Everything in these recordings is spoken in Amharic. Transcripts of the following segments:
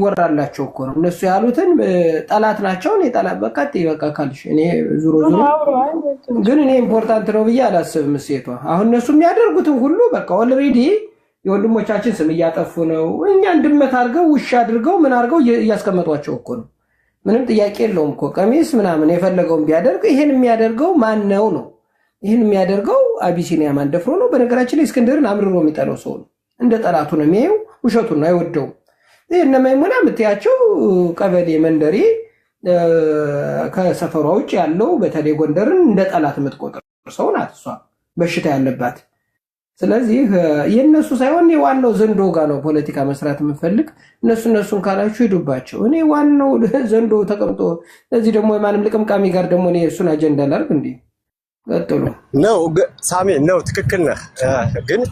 ይወራላቸው እኮ ነው። እነሱ ያሉትን ጠላት ናቸው። እኔ ጠላት በቃ በቃ ካልሽ እኔ ዙሮ ዙሮ ግን እኔ ኢምፖርታንት ነው ብዬ አላስብም። ሴቷ አሁን እነሱ የሚያደርጉትን ሁሉ በቃ ኦልሬዲ የወንድሞቻችን ስም እያጠፉ ነው። እኛ እንድመት አድርገው ውሻ አድርገው ምን አድርገው እያስቀመጧቸው እኮ ነው። ምንም ጥያቄ የለውም እኮ ቀሚስ ምናምን የፈለገውን ቢያደርግ ይህን የሚያደርገው ማን ነው ነው? ይህን የሚያደርገው አቢሲኒያ ማን ደፍሮ ነው? በነገራችን ላይ እስክንድርን አምርሮ የሚጠለው ሰው ነው። እንደ ጠላቱ ነው የሚያየው። ውሸቱን አይወደውም። እነ መይሙና የምትያቸው ቀበሌ መንደሬ ከሰፈሯ ውጭ ያለው በተለይ ጎንደርን እንደ ጠላት የምትቆጥር ሰው ናት። እሷ በሽታ ያለባት ስለዚህ የእነሱ ሳይሆን ዋናው ዘንዶ ጋ ነው ፖለቲካ መስራት የምፈልግ። እነሱ እነሱን ካላችሁ ሂዱባቸው። እኔ ዋናው ዘንዶ ተቀምጦ እዚህ ደግሞ የማንም ልቅምቃሚ ጋር ደግሞ እኔ እሱን አጀንዳ ላርግ እንዲ ቀጥሉ ነው ሳሜ ነው ትክክል ነህ ግን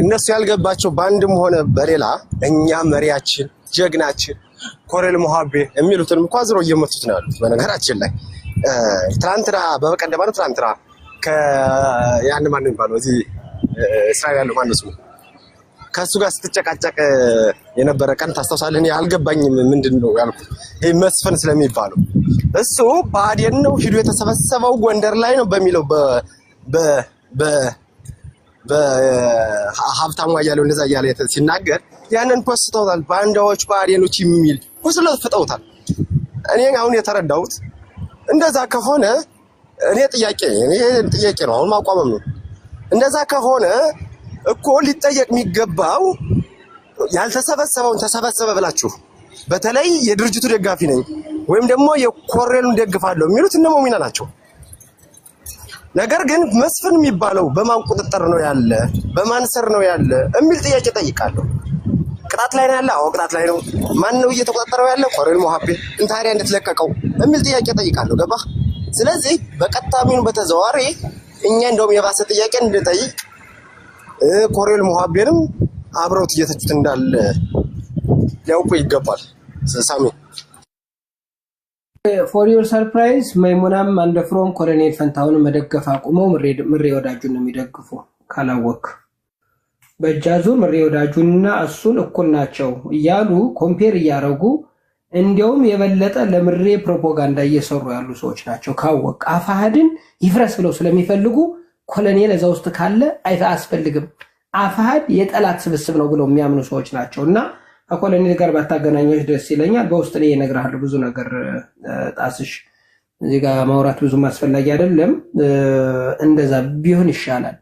እነሱ ያልገባቸው በአንድም ሆነ በሌላ እኛ መሪያችን፣ ጀግናችን፣ ኮረል ሞሀቤ የሚሉትንም እንኳ ዝሮ እየመቱት ነው ያሉት። በነገራችን ላይ ትናንትና በበቀደም ነው ትናንትና ያን ማን የሚባለው እዚህ እስራኤል ያለው ማነው ስሙ ከእሱ ጋር ስትጨቃጨቅ የነበረ ቀን ታስታውሳለህ? አልገባኝም። ምንድን ነው ያልኩ። ይህ መስፍን ስለሚባለው እሱ ብአዴን ነው ሂዶ የተሰበሰበው ጎንደር ላይ ነው በሚለው በሀብታሙ አያሌው እንደዛ እያለ ሲናገር ያንን ፖስተውታል። ባንዳዎች፣ ባዴኖች የሚል ሁስለት ፍጠውታል። እኔ አሁን የተረዳሁት እንደዛ ከሆነ እኔ ጥያቄ ጥያቄ ነው አሁን ማቋመም ነው። እንደዛ ከሆነ እኮ ሊጠየቅ የሚገባው ያልተሰበሰበውን ተሰበሰበ ብላችሁ በተለይ የድርጅቱ ደጋፊ ነኝ ወይም ደግሞ የኮሬሉን ደግፋለሁ የሚሉት እነ ሞሚና ናቸው። ነገር ግን መስፍን የሚባለው በማን ቁጥጥር ነው ያለ፣ በማን ስር ነው ያለ የሚል ጥያቄ ጠይቃለሁ። ቅጣት ላይ ነው ያለ? አዎ ቅጣት ላይ ነው። ማን ነው እየተቆጣጠረው ያለ? ኮሬል ሞሐቤ እንታሪያ እንድትለቀቀው የሚል ጥያቄ ጠይቃለሁ። ገባህ? ስለዚህ በቀጥታም በተዘዋዋሪ እኛ እንደውም የባሰ ጥያቄ እንድጠይቅ ኮሬል ሞሐቤንም አብረውት እየተቹት እንዳለ ሊያውቁ ይገባል ሳሚ ፎር ዮር ሰርፕራይዝ መይሙናም አንደፍሮም ኮሎኔል ፈንታውን መደገፍ አቁመው ምሬ ወዳጁን ነው የሚደግፉ። ካላወክ በእጃዙ ምሬ ወዳጁንና እሱን እኩል ናቸው እያሉ ኮምፔር እያደረጉ እንዲያውም የበለጠ ለምሬ ፕሮፓጋንዳ እየሰሩ ያሉ ሰዎች ናቸው። ካወቅ አፋሃድን ይፍረስ ብለው ስለሚፈልጉ ኮሎኔል እዛ ውስጥ ካለ አያስፈልግም፣ አፋሃድ የጠላት ስብስብ ነው ብለው የሚያምኑ ሰዎች ናቸው እና ከኮሎኔል ጋር ባታገናኘች ደስ ይለኛል። በውስጥ ላይ እነግርሃለሁ ብዙ ነገር ጣስሽ እዚህ ማውራት ብዙም አስፈላጊ አይደለም። እንደዛ ቢሆን ይሻላል።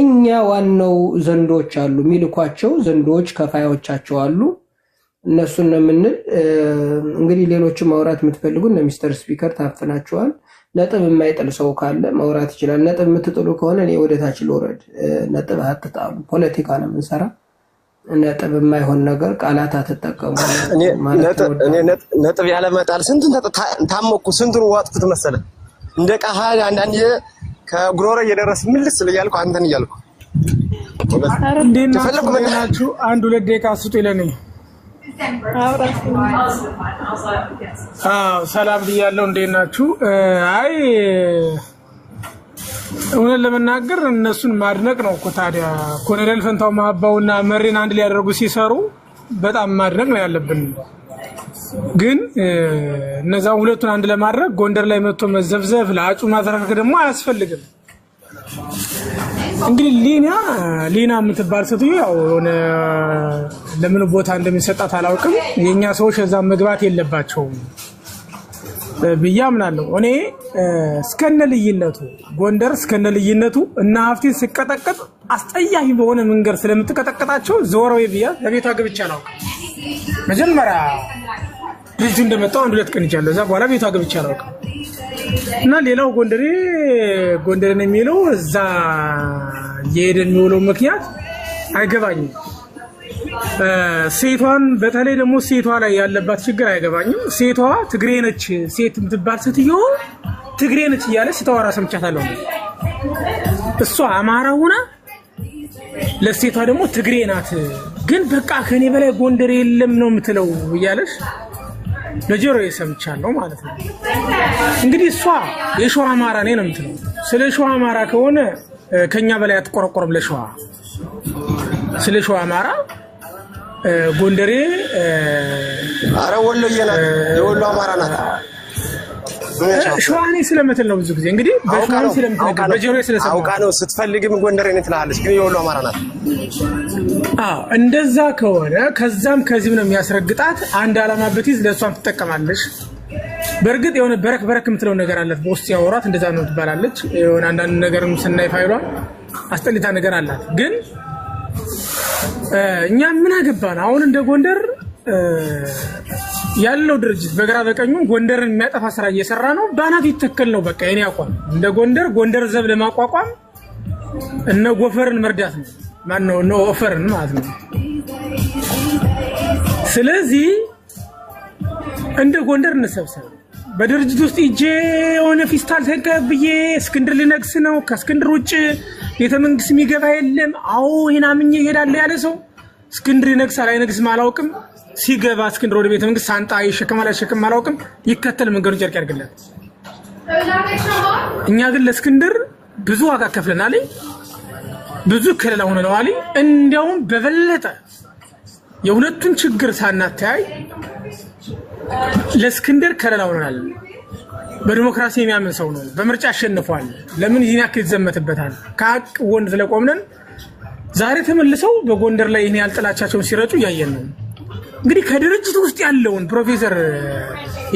እኛ ዋናው ዘንዶች አሉ የሚልኳቸው ዘንዶች ከፋዮቻቸው አሉ። እነሱን ነው የምንል። እንግዲህ ሌሎችን ማውራት የምትፈልጉ እነ ሚስተር ስፒከር ታፍናቸዋል። ነጥብ የማይጥል ሰው ካለ ማውራት ይችላል። ነጥብ የምትጥሉ ከሆነ እኔ ወደታች ልውረድ። ነጥብ አትጣሉ። ፖለቲካ ነው የምንሰራ። ነጥብ የማይሆን ነገር ቃላት አትጠቀሙ። ነጥብ ያለመጣል ስንቱን ታመኩ፣ ስንቱን ዋጥኩት መሰለ እንደ ቃህ አንዳንድ ከጉሮሮ እየደረስ ምልስ እያልኩ አንተን እያልኩ ናችሁ። አንድ ሁለት ደቂቃ ስጡ ይለኔ ሰላም ብያለሁ። እንዴት ናችሁ? አይ እውነት ለመናገር እነሱን ማድነቅ ነው እኮ ታዲያ። ኮሎኔል ፈንታው ማባውና መሪን አንድ ሊያደርጉ ሲሰሩ በጣም ማድነቅ ነው ያለብን። ግን እነዛ ሁለቱን አንድ ለማድረግ ጎንደር ላይ መጥቶ መዘብዘብ፣ ለአጩ ማተረከክ ደግሞ አያስፈልግም። እንግዲህ ሊና ሊና የምትባል ሴትዮ ያው የሆነ ለምን ቦታ እንደሚሰጣት አላውቅም። የእኛ ሰዎች እዛ መግባት የለባቸውም። ብዬ አምናለሁ። እኔ እስከነ ልይነቱ ጎንደር እስከነ ልይነቱ እና ሀፍቴን ስቀጠቀጥ አስጠያፊ በሆነ መንገድ ስለምትቀጠቀጣቸው ዘወራዊ ብያ ለቤቷ ገብቻ ነው። መጀመሪያ ልጁ እንደመጣው አንድ ሁለት ቀን ይቻለ እዛ በኋላ ቤቷ ገብቻ ነው እና ሌላው ጎንደሬ ጎንደርን የሚለው እዛ የሄደ የሚውለው ምክንያት አይገባኝም። ሴቷን በተለይ ደግሞ ሴቷ ላይ ያለባት ችግር አይገባኝም። ሴቷ ትግሬ ነች፣ ሴት የምትባል ሴትዮ ትግሬ ነች እያለች ስታወራ ሰምቻታለሁ። እሷ አማራ ሆና ለሴቷ ደግሞ ትግሬ ናት፣ ግን በቃ ከኔ በላይ ጎንደር የለም ነው የምትለው እያለች በጆሮ ሰምቻለሁ ማለት ነው። እንግዲህ እሷ የሸዋ አማራ ኔ ነው የምትለው። ስለ ሸዋ አማራ ከሆነ ከኛ በላይ አትቆረቆርም ለሸዋ ስለ ሸዋ አማራ ጎንደሬ፣ አረ ወሎዬ ናት፣ የወሎ አማራ ናት። ሸዋኔ ስለምትል ነው ብዙ ጊዜ እንግዲህ በሸዋኔ ስለምትነገር በጆሮዬ ስለሰማ አውቃ ነው። ስትፈልግም ጎንደሬ ነኝ ትላለች፣ ግን የወሎ አማራ ናት። አዎ እንደዛ ከሆነ ከዛም ከዚህም ነው የሚያስረግጣት። አንድ አላማ በትይዝ ለእሷም ትጠቀማለች። በእርግጥ የሆነ በረክ በረክ የምትለው ነገር አላት። በውስጥ ያወሯት እንደዛ ነው ትባላለች። የሆነ አንዳንድ ነገርም ስናይ ፋይሏ አስጠሊታ ነገር አላት ግን እኛ ምን አገባን አሁን እንደ ጎንደር ያለው ድርጅት በግራ በቀኙ ጎንደርን የሚያጠፋ ስራ እየሰራ ነው። በአናት ይተከል ነው በቃ የኔ አቋም። እንደ ጎንደር ጎንደር ዘብ ለማቋቋም እነ ጎፈርን መርዳት ነው። ነው? እነ ኦፈርን ማለት ነው። ስለዚህ እንደ ጎንደር እንሰብሰብ። በድርጅት ውስጥ እጄ የሆነ ፊስታል ተገብዬ እስክንድር ልነግስ ነው ከእስክንድር ውጭ ቤተ መንግስት የሚገባ የለም። አዎ ይሄን አምኜ እሄዳለሁ ያለ ሰው እስክንድር ይነግሳል አይነግስም አላውቅም። ሲገባ እስክንድር ወደ ቤተ መንግስት ሳንጣ ይሸክማል አይሸከም አላውቅም። ይከተል መንገዱ ጨርቅ ያድርግለት። እኛ ግን ለእስክንድር ብዙ ዋጋ ከፍለናል። ብዙ ከለላ ሆነናል። እንዲያውም በበለጠ የሁለቱን ችግር ሳናተያይ ለእስክንድር ከለላ ሆነናል። በዲሞክራሲ የሚያምን ሰው ነው። በምርጫ አሸንፏል። ለምን ይህን ያክል ይዘመትበታል? ከሀቅ ጎን ስለቆምንን ዛሬ ተመልሰው በጎንደር ላይ ይህን ያልጥላቻቸውን ሲረጩ እያየን ነው። እንግዲህ ከድርጅቱ ውስጥ ያለውን ፕሮፌሰር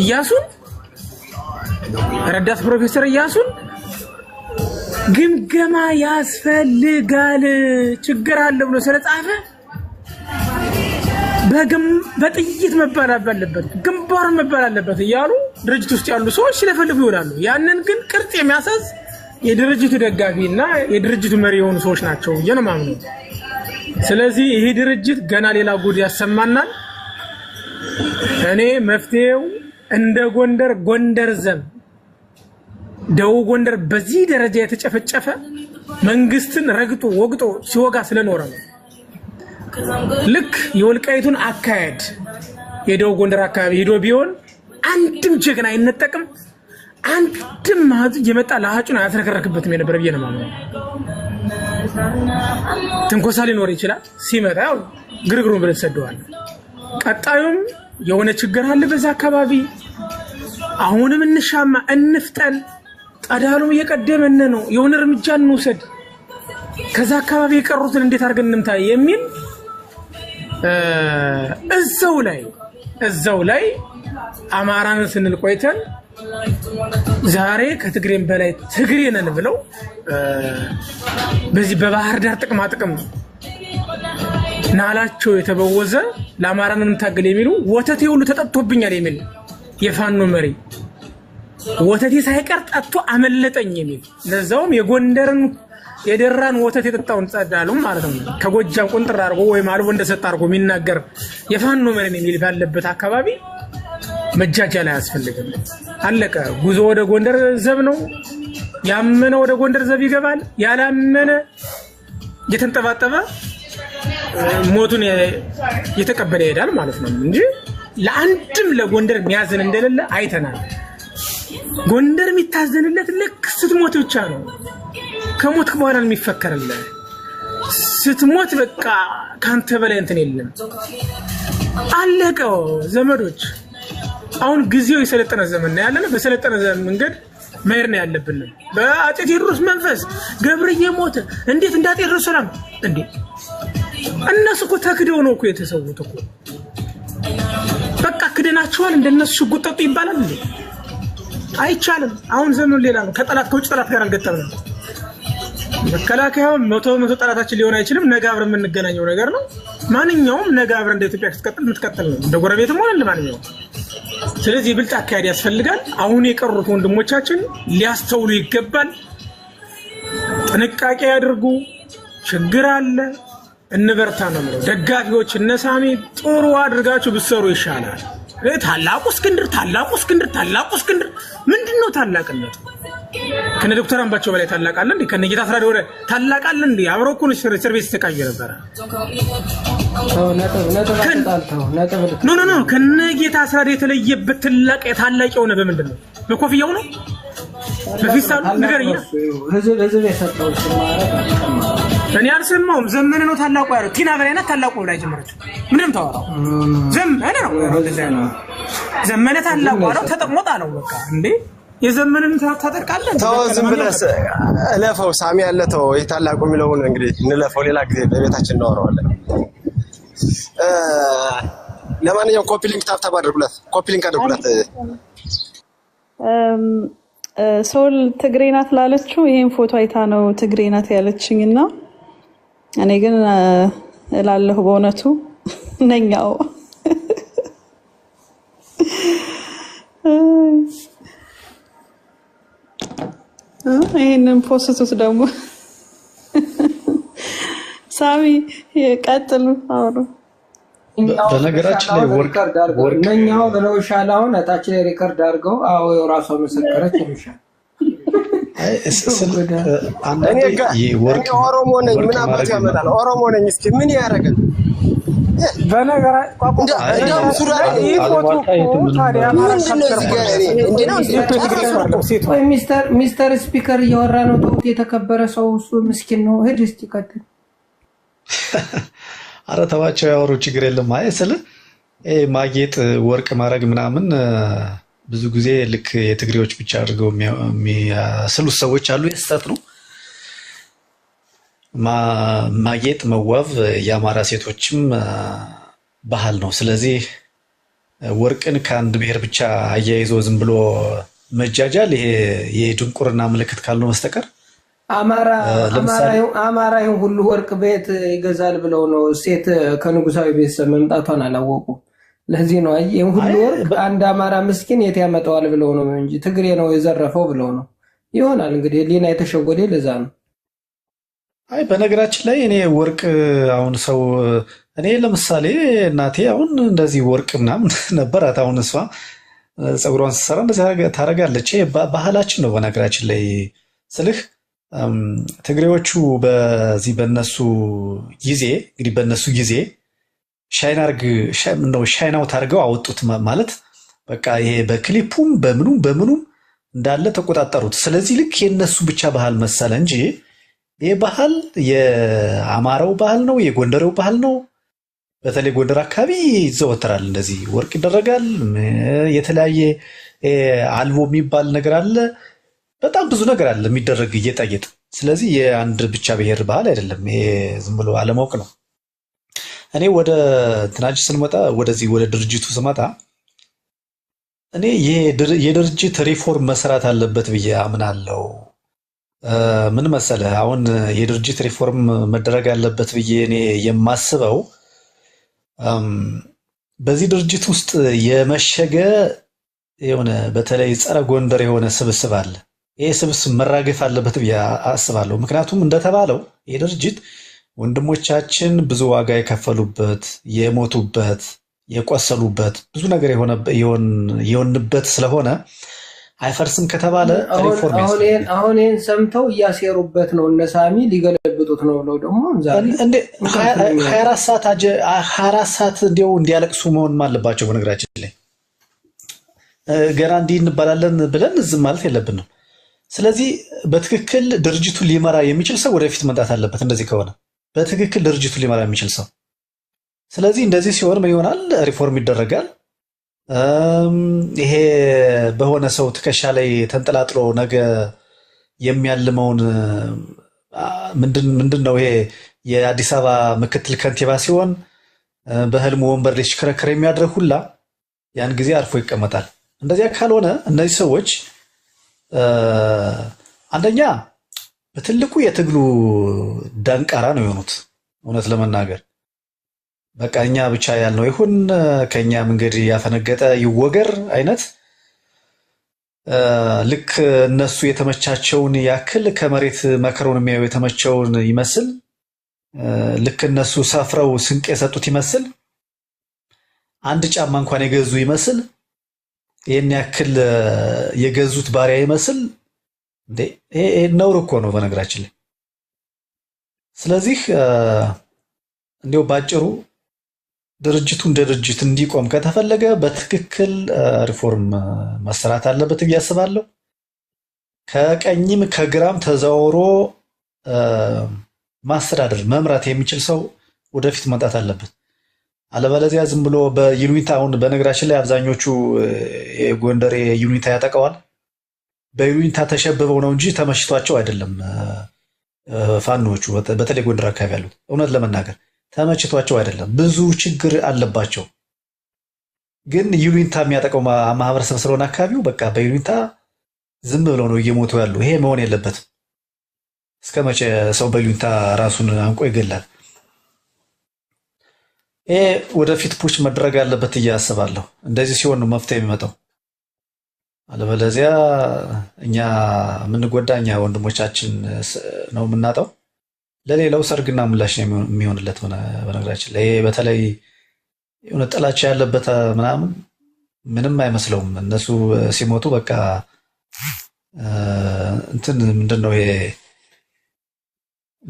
እያሱን ረዳት ፕሮፌሰር እያሱን ግምገማ ያስፈልጋል። ችግር አለ ብሎ ስለጻፈ በጥይት መባል አለበት፣ ግንባር መባል አለበት እያሉ ድርጅት ውስጥ ያሉ ሰዎች ስለፈለጉ ይሆናሉ። ያንን ግን ቅርጽ የሚያሳዝ የድርጅቱ ደጋፊ እና የድርጅቱ መሪ የሆኑ ሰዎች ናቸው ብዬ ነው የማምነው። ስለዚህ ይሄ ድርጅት ገና ሌላ ጉድ ያሰማናል። እኔ መፍትሄው እንደ ጎንደር ጎንደር ዘም ደቡብ ጎንደር በዚህ ደረጃ የተጨፈጨፈ መንግስትን ረግጦ ወግጦ ሲወጋ ስለኖረ ነው። ልክ የወልቃይቱን አካሄድ የደቡብ ጎንደር አካባቢ ሂዶ ቢሆን አንድም ጀግና አይነጠቅም፣ አንድም ማዝ የመጣ ለሀጩን አያስረከረክበትም የነበረ ብዬ ነው የማምነው። ትንኮሳ ሊኖር ይችላል። ሲመጣ ያው ግርግሩን ብለ ትሰደዋለህ። ቀጣዩም የሆነ ችግር አለ በዛ አካባቢ፣ አሁንም እንሻማ፣ እንፍጠን፣ ጠዳሉም እየቀደመን ነው፣ የሆነ እርምጃ እንውሰድ፣ ከዛ አካባቢ የቀሩትን እንዴት አድርገን እንምታ የሚል እዛው ላይ እዛው ላይ አማራን ስንል ቆይተን ዛሬ ከትግሬን በላይ ትግሬ ነን ብለው በዚህ በባህር ዳር ጥቅማ ጥቅም ናላቸው የተበወዘ ለአማራን የምንታገል የሚሉ ወተቴ ሁሉ ተጠጥቶብኛል የሚል የፋኖ መሪ ወተቴ ሳይቀር ጠጥቶ አመለጠኝ የሚል ለዛውም የጎንደርን የደራን ወተት የጠጣውን ጸዳሉም ማለት ነው። ከጎጃም ቁንጥር አድርጎ ወይም አልቦ እንደሰጥ አድርጎ የሚናገር የፋኖ መሪ የሚል ባለበት አካባቢ መጃጃ ላይ አያስፈልግም። አለቀ። ጉዞ ወደ ጎንደር ዘብ ነው። ያመነ ወደ ጎንደር ዘብ ይገባል። ያላመነ እየተንጠባጠበ ሞቱን እየተቀበለ ይሄዳል ማለት ነው እንጂ ለአንድም ለጎንደር የሚያዝን እንደሌለ አይተናል። ጎንደር የሚታዘንለት ልክ ስትሞት ብቻ ነው። ከሞት በኋላ የሚፈከርለት ስትሞት በቃ ከአንተ በላይ እንትን የለም። አለቀው ዘመዶች አሁን ጊዜው የሰለጠነ ዘመን ነው ያለን። በሰለጠነ ዘመን መንገድ መሄድ ነው ያለብን። በአጤ ቴዎድሮስ መንፈስ ገብርዬ ሞተ እንዴት እንደ አጤ ቴዎድሮስ ሰላም እንዴ! እነሱ እኮ ተክደው ነው እኮ የተሰዉት እኮ በቃ ክደናቸዋል። እንደነሱ ሽጉጥ ጠጡ ይባላል እንዴ? አይቻልም። አሁን ዘመኑ ሌላ ነው። ከጠላት ከውጭ ጠላት ጋር አልገጠምንም። መከላከያውን መቶ መቶ ጠላታችን ሊሆን አይችልም። ነገ አብረ የምንገናኘው ነገር ነው። ማንኛውም ነገ አብረን እንደ ኢትዮጵያ ስትቀጥል የምትቀጥል ነው። እንደ ጎረቤትም ሆነ ማንኛውም ስለዚህ የብልጥ አካሄድ ያስፈልጋል። አሁን የቀሩት ወንድሞቻችን ሊያስተውሉ ይገባል። ጥንቃቄ ያድርጉ። ችግር አለ። እንበርታ ነው የምለው። ደጋፊዎች እነሳሚ ጥሩ አድርጋችሁ ብትሰሩ ይሻላል። ታላቁ እስክንድር ታላቁ እስክንድር ታላቁ እስክንድር ምንድን ነው ታላቅነቱ? ከነ ዶክተር አምባቸው በላይ ታላቃለ እንዴ? ከነ ጌታ ስራ ወደ ታላቃለ እንዴ? አብረው እኮ እስር ቤት ነበረ። ኖ ኖ ኖ ከነ ጌታ አስራድ የተለየበት ትላቅ የታላቅ የሆነ በምንድን ነው? በኮፍያው ነው? በፊስታሉ? ንገረኝ። እኔ አልሰማሁም። ዘመነ ነው ታላቁ ያለው። ቲና በላይ ናት ታላቁ ላይ ጀመረችው። ምንም ታወራው ዘመነ ነው ዘመነ ታላቁ ያለው ተጠቅሞ ጣለው። በቃ እንዴ የዘመንን ታጠርቃለን። ተው ዝም ብለህ እለፈው። ሳሚ ያለ ተው። የታላቁ የሚለውን እንግዲህ እንለፈው። ሌላ ጊዜ በቤታችን እናወራዋለን። ለማንኛውም ኮፒ ሊንክ ታብታብ አድርጉላት፣ ኮፒ ሊንክ አድርጉላት። ሶል ትግሬ ናት ላለችው ይሄን ፎቶ አይታ ነው ትግሬ ናት ያለችኝ እና እኔ ግን እላለሁ በእውነቱ ነኛው ይህንን ፖስቱት ደግሞ ሳሚ ቀጥሉ አውሩ። በነገራችን ላይ ወርቅኛው ብለውሻል። አሁን እታችን ላይ ሪከርድ አድርገው አዎ የራሷ መሰከረች ይሉሻል። ኦሮሞ ነኝ ምን አባት ያመጣል? ኦሮሞ ነኝ እስኪ ምን ያደርጋል? ሚስተር ስፒከር እያወራ ነው። ተውት የተከበረ ሰው እሱ ምስኪን ነው። ሂድ እስኪ ቀጥል አረ ተዋቸው ያወሩ ችግር የለም። አይ ስል ማጌጥ ወርቅ ማድረግ ምናምን ብዙ ጊዜ ልክ የትግሬዎች ብቻ አድርገው የሚያስሉት ሰዎች አሉ። የስተት ነው። ማጌጥ መዋብ የአማራ ሴቶችም ባህል ነው። ስለዚህ ወርቅን ከአንድ ብሔር ብቻ አያይዞ ዝም ብሎ መጃጃል ይሄ የድንቁርና ምልክት ካልሆነ መስተቀር አማራ ሁሉ ወርቅ ቤት ይገዛል ብለው ነው። ሴት ከንጉሳዊ ቤተሰብ መምጣቷን አላወቁም። ለዚህ ነው ይህን ሁሉ ወርቅ አንድ አማራ ምስኪን የት ያመጣዋል ብለው ነው እንጂ ትግሬ ነው የዘረፈው ብለው ነው ይሆናል። እንግዲህ ሊና የተሸጎደ ለዛ ነው። አይ በነገራችን ላይ እኔ ወርቅ አሁን ሰው እኔ ለምሳሌ እናቴ አሁን እንደዚህ ወርቅ ምናምን ነበራት። አሁን እሷ ፀጉሯን ስትሰራ እንደዚህ ታደርጋለች። ባህላችን ነው በነገራችን ላይ ስልህ ትግሬዎቹ በዚህ በነሱ ጊዜ እንግዲህ በነሱ ጊዜ ሻይናርግ ሻይናውት አድርገው አወጡት ማለት በቃ ይሄ በክሊፑም በምኑም በምኑም እንዳለ ተቆጣጠሩት። ስለዚህ ልክ የነሱ ብቻ ባህል መሰለ እንጂ ይህ ባህል የአማራው ባህል ነው፣ የጎንደሬው ባህል ነው። በተለይ ጎንደር አካባቢ ይዘወተራል። እንደዚህ ወርቅ ይደረጋል። የተለያየ አልቦ የሚባል ነገር አለ። በጣም ብዙ ነገር አለ የሚደረግ ጌጣጌጥ። ስለዚህ የአንድ ብቻ ብሔር ባህል አይደለም። ይሄ ዝም ብሎ አለማወቅ ነው። እኔ ወደ ትናጅ ስንመጣ ወደዚህ ወደ ድርጅቱ ስመጣ እኔ የድርጅት ሪፎርም መሰራት አለበት ብዬ አምናለው። ምን መሰለህ አሁን የድርጅት ሪፎርም መደረግ አለበት ብዬ እኔ የማስበው በዚህ ድርጅት ውስጥ የመሸገ የሆነ በተለይ ጸረ ጎንደር የሆነ ስብስብ አለ። ይህ ስብስብ መራገፍ አለበት ብዬ አስባለሁ። ምክንያቱም እንደተባለው ይህ ድርጅት ወንድሞቻችን ብዙ ዋጋ የከፈሉበት የሞቱበት፣ የቆሰሉበት ብዙ ነገር የሆንበት ስለሆነ አይፈርስም ከተባለ ሪፎርም አሁን ይህን ሰምተው እያሴሩበት ነው። እነ ሳሚ ሊገለብጡት ነው ብለው ደግሞ ሀያ አራት ሰዓት እንዲያው እንዲያለቅሱ መሆን አለባቸው። በነገራችን ላይ ገና እንዲህ እንባላለን ብለን ዝም ማለት የለብንም። ስለዚህ በትክክል ድርጅቱን ሊመራ የሚችል ሰው ወደፊት መምጣት አለበት። እንደዚህ ከሆነ በትክክል ድርጅቱን ሊመራ የሚችል ሰው። ስለዚህ እንደዚህ ሲሆን ምን ይሆናል? ሪፎርም ይደረጋል። ይሄ በሆነ ሰው ትከሻ ላይ ተንጠላጥሎ ነገ የሚያልመውን ምንድን ነው ይሄ የአዲስ አበባ ምክትል ከንቲባ ሲሆን በህልሙ ወንበር ላይ ሲሽከረከር ሁላ ያን ጊዜ አርፎ ይቀመጣል። እንደዚያ ካልሆነ እነዚህ ሰዎች አንደኛ በትልቁ የትግሉ ደንቃራ ነው የሆኑት። እውነት ለመናገር በቃ እኛ ብቻ ያልነው ይሁን ከኛ መንገድ ያፈነገጠ ይወገር አይነት ልክ እነሱ የተመቻቸውን ያክል ከመሬት መከረውን የሚያዩ የተመቸውን ይመስል ልክ እነሱ ሰፍረው ስንቅ የሰጡት ይመስል አንድ ጫማ እንኳን የገዙ ይመስል ይህን ያክል የገዙት ባሪያ ይመስል ይሄ ነውር እኮ ነው በነገራችን ላይ። ስለዚህ እንዲሁ ባጭሩ ድርጅቱ እንደ ድርጅት እንዲቆም ከተፈለገ በትክክል ሪፎርም መሰራት አለበት ብዬ አስባለሁ። ከቀኝም ከግራም ተዘውሮ ማስተዳደር መምራት የሚችል ሰው ወደፊት መምጣት አለበት። አለበለዚያ ዝም ብሎ በዩኒታ አሁን በነገራችን ላይ አብዛኞቹ የጎንደር ዩኒታ ያጠቀዋል። በዩኒታ ተሸብበው ነው እንጂ ተመችቷቸው አይደለም። ፋኖቹ በተለይ ጎንደር አካባቢ ያሉት እውነት ለመናገር ተመችቷቸው አይደለም፣ ብዙ ችግር አለባቸው። ግን ዩኒታ የሚያጠቀው ማህበረሰብ ስለሆነ አካባቢው በቃ በዩኒታ ዝም ብለው ነው እየሞቱ ያሉ። ይሄ መሆን የለበትም። እስከ መቼ ሰው በዩኒታ ራሱን አንቆ ይገላል? ይሄ ወደፊት ፑሽ መድረግ አለበት እያስባለሁ። እንደዚህ ሲሆን ነው መፍትሄ የሚመጣው። አለበለዚያ እኛ የምንጎዳ እኛ ወንድሞቻችን ነው የምናጠው? ለሌላው ሰርግና ምላሽ ነው የሚሆንለት። በነገራችን ላይ በተለይ የሆነ ጥላቻ ያለበት ምናምን ምንም አይመስለውም። እነሱ ሲሞቱ በቃ እንትን ምንድን ነው ይሄ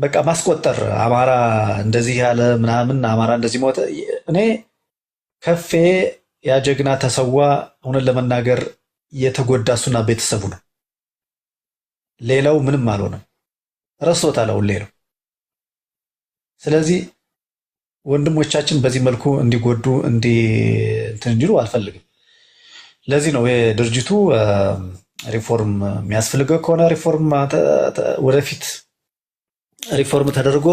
በቃ ማስቆጠር አማራ እንደዚህ ያለ ምናምን አማራ እንደዚህ ሞተ። እኔ ከፌ ያ ጀግና ተሰዋ፣ እውነት ለመናገር የተጎዳ እሱና ቤተሰቡ ነው። ሌላው ምንም አልሆነም፣ ረስቶታል። አሁን ሌላው ስለዚህ ወንድሞቻችን በዚህ መልኩ እንዲጎዱ እንትን እንዲሉ አልፈልግም። ለዚህ ነው ድርጅቱ ሪፎርም የሚያስፈልገው ከሆነ ሪፎርም ወደፊት ሪፎርም ተደርጎ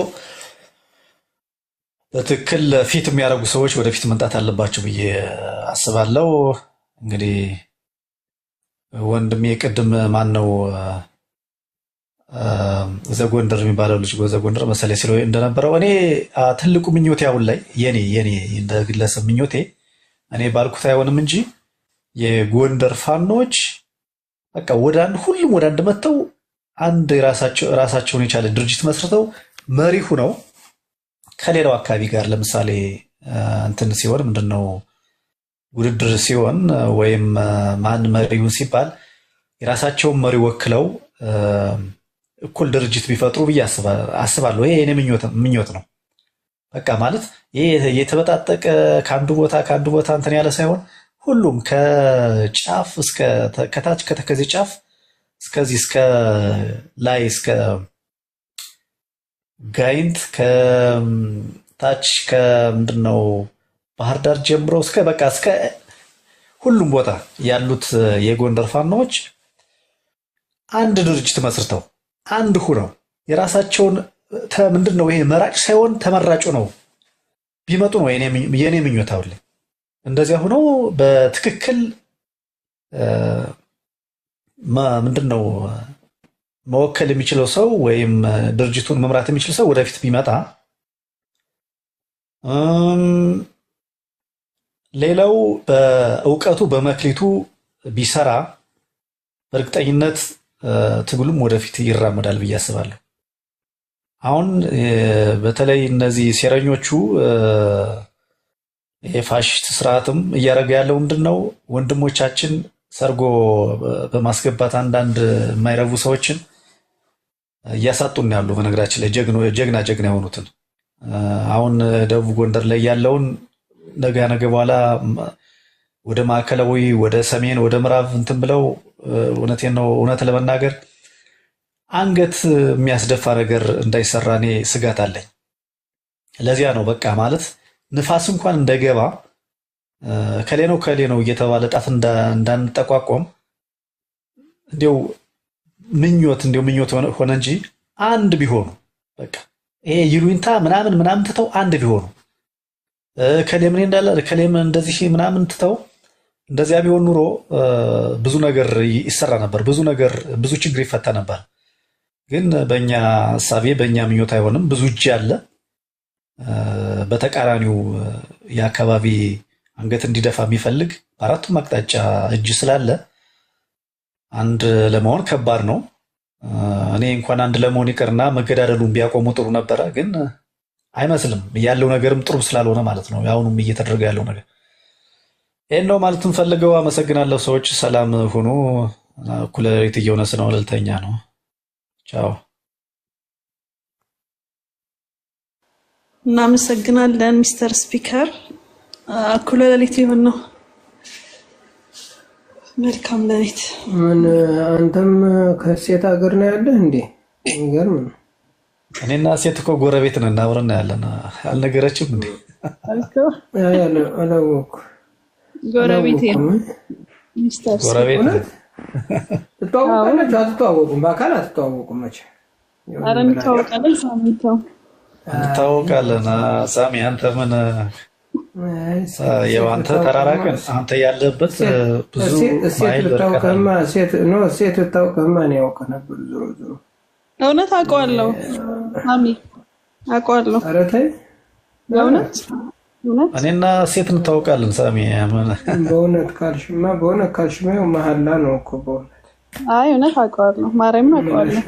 በትክክል ፊት የሚያደርጉ ሰዎች ወደፊት መምጣት አለባቸው ብዬ አስባለሁ። እንግዲህ ወንድሜ ቅድም ማን ነው ዘጎንደር የሚባለው ልጅ ዘጎንደር መሰለኝ ሲለው እንደነበረው እኔ ትልቁ ምኞቴ አሁን ላይ የኔ የኔ እንደ ግለሰብ ምኞቴ እኔ ባልኩት አይሆንም እንጂ የጎንደር ፋኖች በቃ ወደ አንድ ሁሉም ወደ አንድ መጥተው አንድ ራሳቸውን የቻለ ድርጅት መስርተው መሪ ሁነው ከሌላው አካባቢ ጋር ለምሳሌ እንትን ሲሆን ምንድነው ውድድር ሲሆን ወይም ማን መሪውን ሲባል የራሳቸውን መሪ ወክለው እኩል ድርጅት ቢፈጥሩ ብዬ አስባለሁ። ይሄ የኔ ምኞት ነው። በቃ ማለት ይሄ የተበጣጠቀ ከአንዱ ቦታ ከአንዱ ቦታ እንትን ያለ ሳይሆን ሁሉም ከጫፍ እስከ ከታች ከተከዜ ጫፍ እስከዚህ እስከ ላይ እስከ ጋይንት ከታች ከምንድን ነው ባህር ዳር ጀምሮ እስከ በቃ እስከ ሁሉም ቦታ ያሉት የጎንደር ፋኖዎች አንድ ድርጅት መስርተው አንድ ሁነው የራሳቸውን ምንድን ነው ይሄ መራጭ ሳይሆን ተመራጩ ነው ቢመጡ ነው የኔ ምኞት። አሁን እንደዚያ ሁነው በትክክል ምንድን ነው መወከል የሚችለው ሰው ወይም ድርጅቱን መምራት የሚችል ሰው ወደፊት ቢመጣ፣ ሌላው በእውቀቱ በመክሊቱ ቢሰራ በእርግጠኝነት ትግሉም ወደፊት ይራመዳል ብዬ አስባለሁ። አሁን በተለይ እነዚህ ሴረኞቹ የፋሽስት ስርዓትም እያደረገ ያለው ምንድን ነው ወንድሞቻችን ሰርጎ በማስገባት አንዳንድ የማይረቡ ሰዎችን እያሳጡን ያሉ በነገራችን ላይ ጀግና ጀግና የሆኑትን አሁን ደቡብ ጎንደር ላይ ያለውን ነገ ነገ በኋላ ወደ ማዕከላዊ ወደ ሰሜን ወደ ምዕራብ እንትን ብለው እውነቴን ነው እውነት ለመናገር አንገት የሚያስደፋ ነገር እንዳይሰራ እኔ ስጋት አለኝ። ለዚያ ነው በቃ ማለት ንፋስ እንኳን እንደገባ ከሌ ነው ከሌ ነው እየተባለ ጣት እንዳንጠቋቋም እንዲው ምኞት እንዲው ምኞት ሆነ እንጂ አንድ ቢሆኑ በቃ ይሄ ይሉኝታ ምናምን ምናምን ትተው አንድ ቢሆኑ ከሌም እኔ እንዳለ ከሌም እንደዚህ ምናምን ትተው እንደዚያ ቢሆን ኑሮ ብዙ ነገር ይሰራ ነበር፣ ብዙ ነገር ብዙ ችግር ይፈታ ነበር። ግን በእኛ እሳቤ በእኛ ምኞት አይሆንም። ብዙ እጅ አለ። በተቃራኒው የአካባቢ አንገት እንዲደፋ የሚፈልግ በአራቱም አቅጣጫ እጅ ስላለ አንድ ለመሆን ከባድ ነው። እኔ እንኳን አንድ ለመሆን ይቅርና መገዳደሉን ቢያቆሙ ጥሩ ነበረ፣ ግን አይመስልም። ያለው ነገርም ጥሩ ስላልሆነ ማለት ነው። አሁኑም እየተደረገ ያለው ነገር ይህን ነው ማለትም ፈልገው። አመሰግናለሁ። ሰዎች ሰላም ሁኑ። እኩለ ሌሊት እየሆነ ስነው ልልተኛ ነው። ቻው። እናመሰግናለን ሚስተር ስፒከር። እኩለ ሌሊት ይሁን ነው። መልካም ሌሊት። ምን አንተም ከሴት ሀገር ነው ያለህ እንዴ? የሚገርም ነው። እኔና ሴት እኮ ጎረቤት ነን፣ አብረን ያለን። አልነገረችም እንዴ? ጎረቤት በአካል አትተዋወቁም ሳሚ አንተ ምን ያው አንተ ተራራቅን አንተ ያለበት ብዙ ሴት ብታውቅህማ እኔ ያውቅ ነበር። ዞሮ ዞሮ እውነት አውቀዋለሁ፣ አሚ አውቀዋለሁ። ኧረ ተይ በእውነት እኔና ሴት እንታወቃለን ሳሚ። በእውነት ካልሽማ በእውነት ካልሽማ መሀላ ነው እኮ በእውነት። አይ እውነት አውቀዋለሁ፣ ማርያምን አውቀዋለሁ።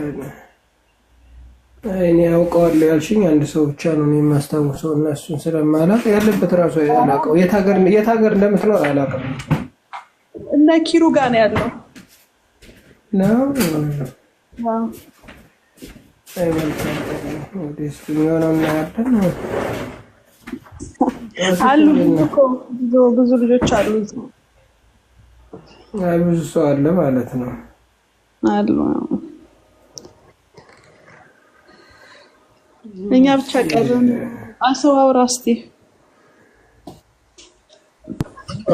እኔ አውቀዋለሁ ያልሽኝ አንድ ሰው ብቻ ነው የማስታውሰው እነሱን ስለማላቅ ያለበት ራሱ አላቀው። የት ሀገር እንደምትኖር አላቅም። እነ ኪሩ ጋ ነው ያለው አሉ ብዙ ልጆች አሉ። ብዙ ሰው አለ ማለት ነው አሉ እኛ ብቻ ቀርን። አሰዋውራ እስኪ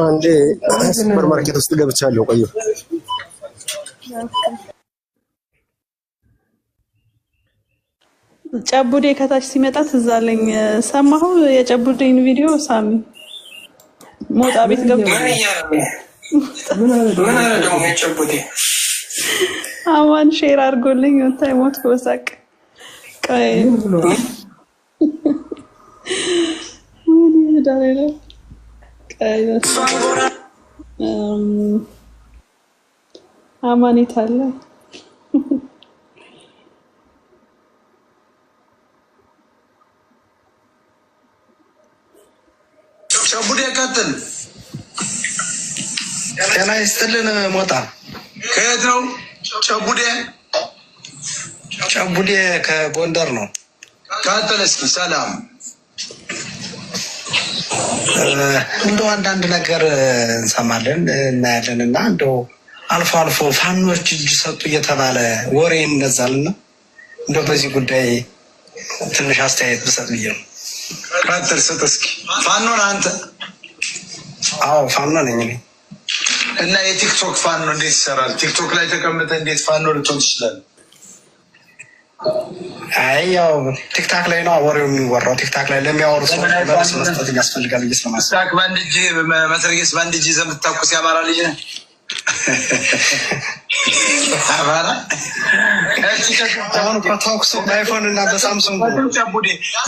አንዴ ሱፐር ማርኬት ውስጥ ገብቻለሁ። ቆዩ ጨቡዴ ከታች ሲመጣ ትዝ አለኝ። ሰማሁ የጨቡዴን ቪዲዮ ሳሚ ሞጣ ቤት ገብቶ አማን ሼር አድርጎልኝ ወታይ ሞት ከወሳቅ አማኔት አለ ሸቡድ ያቃጥል። ጤና ይስጥልን። ሞጣ ከየት ነው ሸቡዴ? ጨቡሌ ከጎንደር ነው። ቀጥል እስኪ። ሰላም እንደው አንዳንድ ነገር እንሰማለን እናያለን እና እንደው አልፎ አልፎ ፋኖች እጅ ሰጡ እየተባለ ወሬ ይነዛልና እንደው በዚህ ጉዳይ ትንሽ አስተያየት ብሰጥ ብዬ ነው። ቀጥል ስጥ እስኪ። ፋኖን አንተ? አዎ ፋኖ ነኝ እኔ። እና የቲክቶክ ፋኖ እንዴት ይሰራል? ቲክቶክ ላይ ተቀምጠ እንዴት ፋኖ ልትሆን ትችላለህ? አይ ያው ቲክታክ ላይ ነው ወሬው የሚወራው። ቲክታክ ላይ ለሚያወሩ ሰዎች መልስ መስጠት ያስፈልጋል። ቲክታክ በአንድ እጅ መሰርጌስ በአንድ እጅ ይዘህ የምትታኩስ የአማራ ልጅ ነህ። አሁን እኮ ተኩስ በአይፎን እና በሳምሰንግ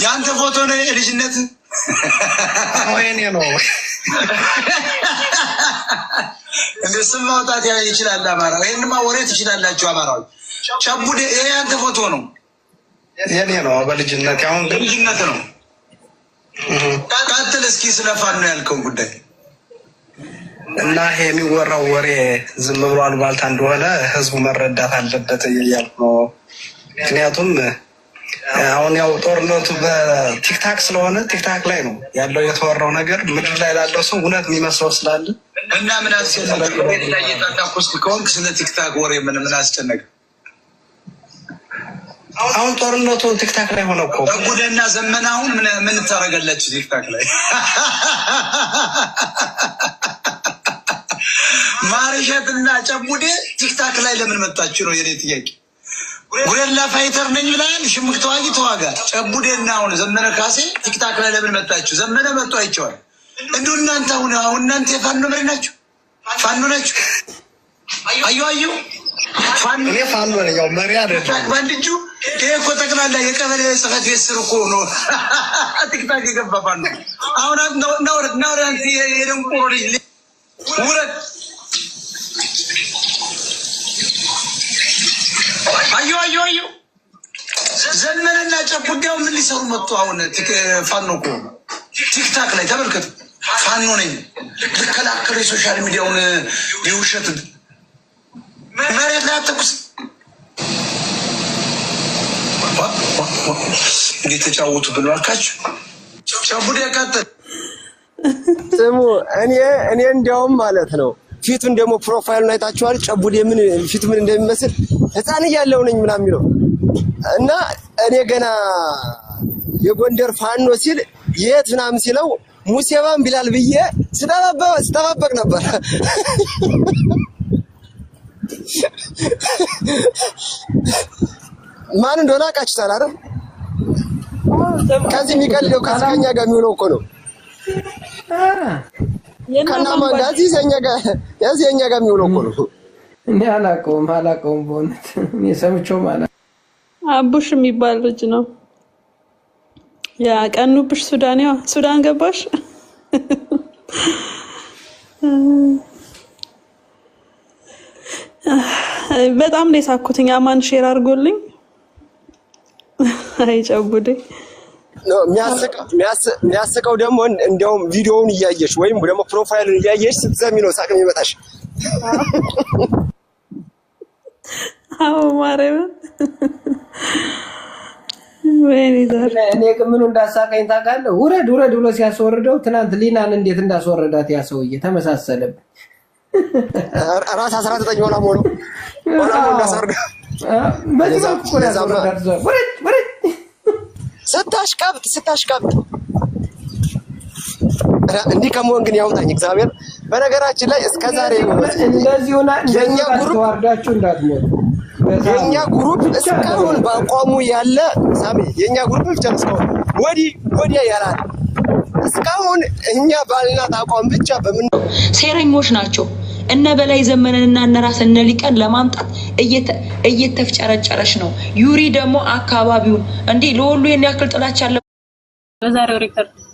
የአንተ ፎቶ ነው የልጅነት ወይኔ ነው እንደ ስም ማውጣት ይችላል። አማራ ይህንማ ወሬ ትችላላችሁ አማራዎች ቸቡድ ይሄ ያንተ ፎቶ ነው። የኔ ነው በልጅነት አሁን ልጅነት ነው። ቀጥል እስኪ ስለፋን ነው ያልከው ጉዳይ እና ይሄ የሚወራው ወሬ ዝም ብሎ አሉባልታ እንደሆነ ህዝቡ መረዳት አለበት እያልኩ ነው። ምክንያቱም አሁን ያው ጦርነቱ በቲክታክ ስለሆነ ቲክታክ ላይ ነው ያለው የተወራው ነገር ምድር ላይ ላለው ሰው እውነት የሚመስለው ስላለ እና ምን አስቸነቀ? ስለ ቲክታክ ወሬ ምን ምን አስጨነቀ? አሁን ጦርነቱ ቲክታክ ላይ ሆነ እኮ ጉደና ዘመን። አሁን ምን ታደርጋላችሁ ቲክታክ ላይ ማርሸትና ጨቡዴ ቲክታክ ላይ ለምን መጣችሁ ነው የኔ ጥያቄ። ጉደና ፋይተር ነኝ ብላል። ሽምቅ ተዋጊ ተዋጋ። ጨቡዴና አሁን ዘመነ ካሴ ቲክታክ ላይ ለምን መጣችሁ? ዘመነ መጡ አይቼዋል። እንዱ እናንተ አሁን አሁን እናንተ የፋኖ መሪ ናችሁ፣ ፋኖ ናችሁ። አዩ አዩ እኔ ፋኖ ነኝ፣ ያው መሪ አይደለም በልጁ። ይሄ እኮ ጠቅላላ የቀበሌ ጽሕፈት ቤት ስር እኮ ነው ቲክታክ የገባ ፋኖ። አሁን ናውረት ናውረት የደንቆሮ ልጅ ውረት አዩ አዩ አዩ ዘመነና ጨጉዳው ምን ሊሰሩ መጡ? አሁን ፋኖ እኮ ቲክታክ ላይ ተመልከቱ። ፋኖ ነኝ ልከላከሉ የሶሻል ሚዲያውን የውሸት አትኩስ እንዴት ብሎ አልካችሁ ሻቡድ ያቃጠል ስሙ። እኔ እኔ እንዲያውም ማለት ነው ፊቱን ደግሞ ፕሮፋይሉን አይታችኋል። ጨቡዴ ምን ፊቱ ምን እንደሚመስል ህፃን እያለሁ ነኝ ምናምን የሚለው እና እኔ ገና የጎንደር ፋኖ ሲል የት ምናምን ሲለው ሙሴባን ቢላል ብዬ ስጠባበቅ ነበር። ማን እንደሆነ አውቃችሁታል አይደል? ከዚህ የሚቀልደው ከኛ ጋር የሚውለው እኮ ነው። ከናማ ጋር ዘኛ ጋር ጋር የሚውለው እኮ ነው። እኔ አላውቀውም አላውቀውም፣ በእውነት እኔ ሰምቼውም አቡሽ የሚባል ልጅ ነው ያቀኑብሽ። ሱዳን ያው ሱዳን ገባሽ በጣም ነው የሳኩትኝ። አማን ሼር አድርጎልኝ አይጨቡዴ የሚያስቀው ደግሞ እንዲያውም ቪዲዮውን እያየሽ ወይም ደግሞ ፕሮፋይሉን እያየሽ ስትዘሚ ነው ሳቅም ይመጣሽ። አዎ ማርያምን እኔ ምኑ እንዳሳቀኝ ታውቃለህ? ውረድ ውረድ ብሎ ሲያስወርደው ትናንት ሊናን እንዴት እንዳስወረዳት ያሰውዬ ተመሳሰለብን። ራስ አስራ ዘጠኝ ሆና ሆኖ እንዳሰርግ ስታሽቃብጥ እንዲህ ከመሆን ግን ያውጣኝ እግዚአብሔር። በነገራችን ላይ እስከ ዛሬ የእኛ ጉሩፕ የእኛ ጉሩፕ እስካሁን በአቋሙ ያለ ሳሚ የእኛ ጉሩፕ ብቻ እስካሁን ወዲህ ወዲያ ያላል እስካሁን እኛ ባልናት አቋም ብቻ በምን ሴረኞች ናቸው። እነ በላይ ዘመንንና እነ ራስ እነ ሊቀን ለማምጣት እየተፍጨረጨረች ነው። ዩሪ ደግሞ አካባቢውን እንዲህ ለወሎ የሚያክል ጥላቻ አለ በዛሬው ሪከርድ